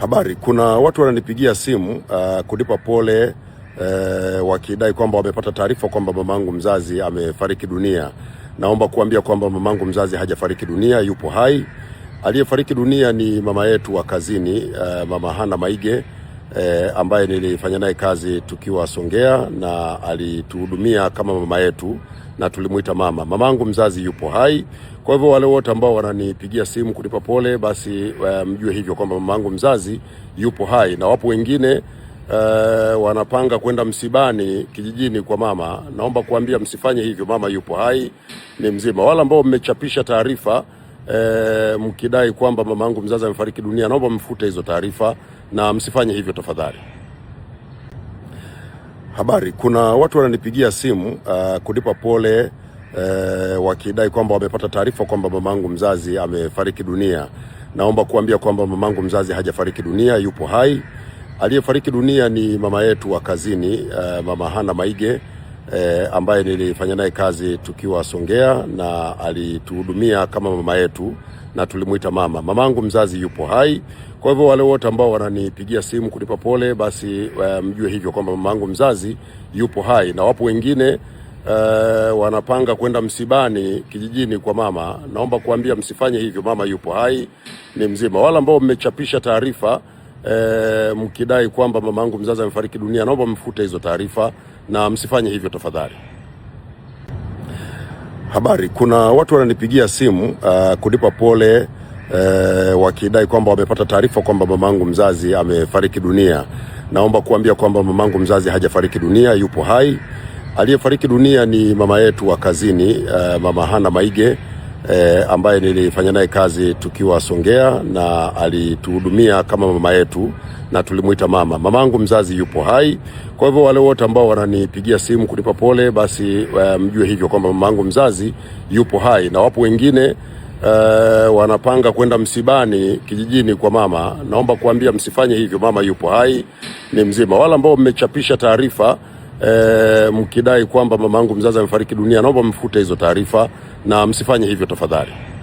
Habari, kuna watu wananipigia simu uh, kunipa pole uh, wakidai kwamba wamepata taarifa kwamba mamangu mzazi amefariki dunia. Naomba kuambia kwamba mamangu mzazi hajafariki dunia, yupo hai. Aliyefariki dunia ni mama yetu wa kazini uh, mama Hana Maige uh, ambaye nilifanya naye kazi tukiwa Songea na alituhudumia kama mama yetu na tulimuita mama. Mamangu mzazi yupo hai, kwa hivyo wale wote ambao wananipigia simu kunipa pole, basi eh, mjue hivyo kwamba mamangu mzazi yupo hai, na wapo wengine Uh, wanapanga kwenda msibani kijijini kwa mama. Naomba kuambia msifanye hivyo, mama yupo hai, ni mzima. Wala ambao mmechapisha taarifa uh, mkidai kwamba mamangu mzazi amefariki dunia, naomba mfute hizo taarifa na msifanye hivyo tafadhali. Habari, kuna watu wananipigia simu uh, kunipa pole uh, wakidai kwamba wamepata taarifa kwamba mamangu mzazi amefariki dunia. Naomba kuambia kwamba mamangu mzazi hajafariki dunia, yupo hai. Aliyefariki dunia ni mama yetu wa kazini uh, mama Hana Maige uh, ambaye nilifanya naye kazi tukiwa Songea na alituhudumia kama mama yetu na tulimwita mama. Mamangu mzazi yupo hai, kwa hivyo wale wote ambao wananipigia simu kunipa pole, basi uh, mjue hivyo kwamba mamangu mzazi yupo hai, na wapo wengine Uh, wanapanga kwenda msibani kijijini kwa mama. Naomba kuambia msifanye hivyo, mama yupo hai, ni mzima. Wala ambao mmechapisha taarifa uh, mkidai kwamba mamangu mzazi amefariki dunia, naomba mfute hizo taarifa na msifanye hivyo tafadhali. Habari. Kuna watu wananipigia simu uh, kunipa pole uh, wakidai kwamba wamepata taarifa kwamba mamangu mzazi amefariki dunia. Naomba kuambia kwamba mamangu mzazi hajafariki dunia, yupo hai. Aliyefariki dunia ni mama yetu wa kazini uh, mama Hana Maige e, ambaye nilifanya naye kazi tukiwa Songea na alituhudumia kama mama yetu na tulimuita mama. Mamangu mzazi yupo hai, kwa hivyo wale wote ambao wananipigia simu kunipa pole, basi e, mjue hivyo kwamba mamangu mzazi yupo hai na wapo wengine Uh, wanapanga kwenda msibani kijijini kwa mama. Naomba kuambia msifanye hivyo, mama yupo hai, ni mzima. Wala ambao mmechapisha taarifa uh, mkidai kwamba mamangu mzazi amefariki dunia, naomba mfute hizo taarifa na msifanye hivyo tafadhali.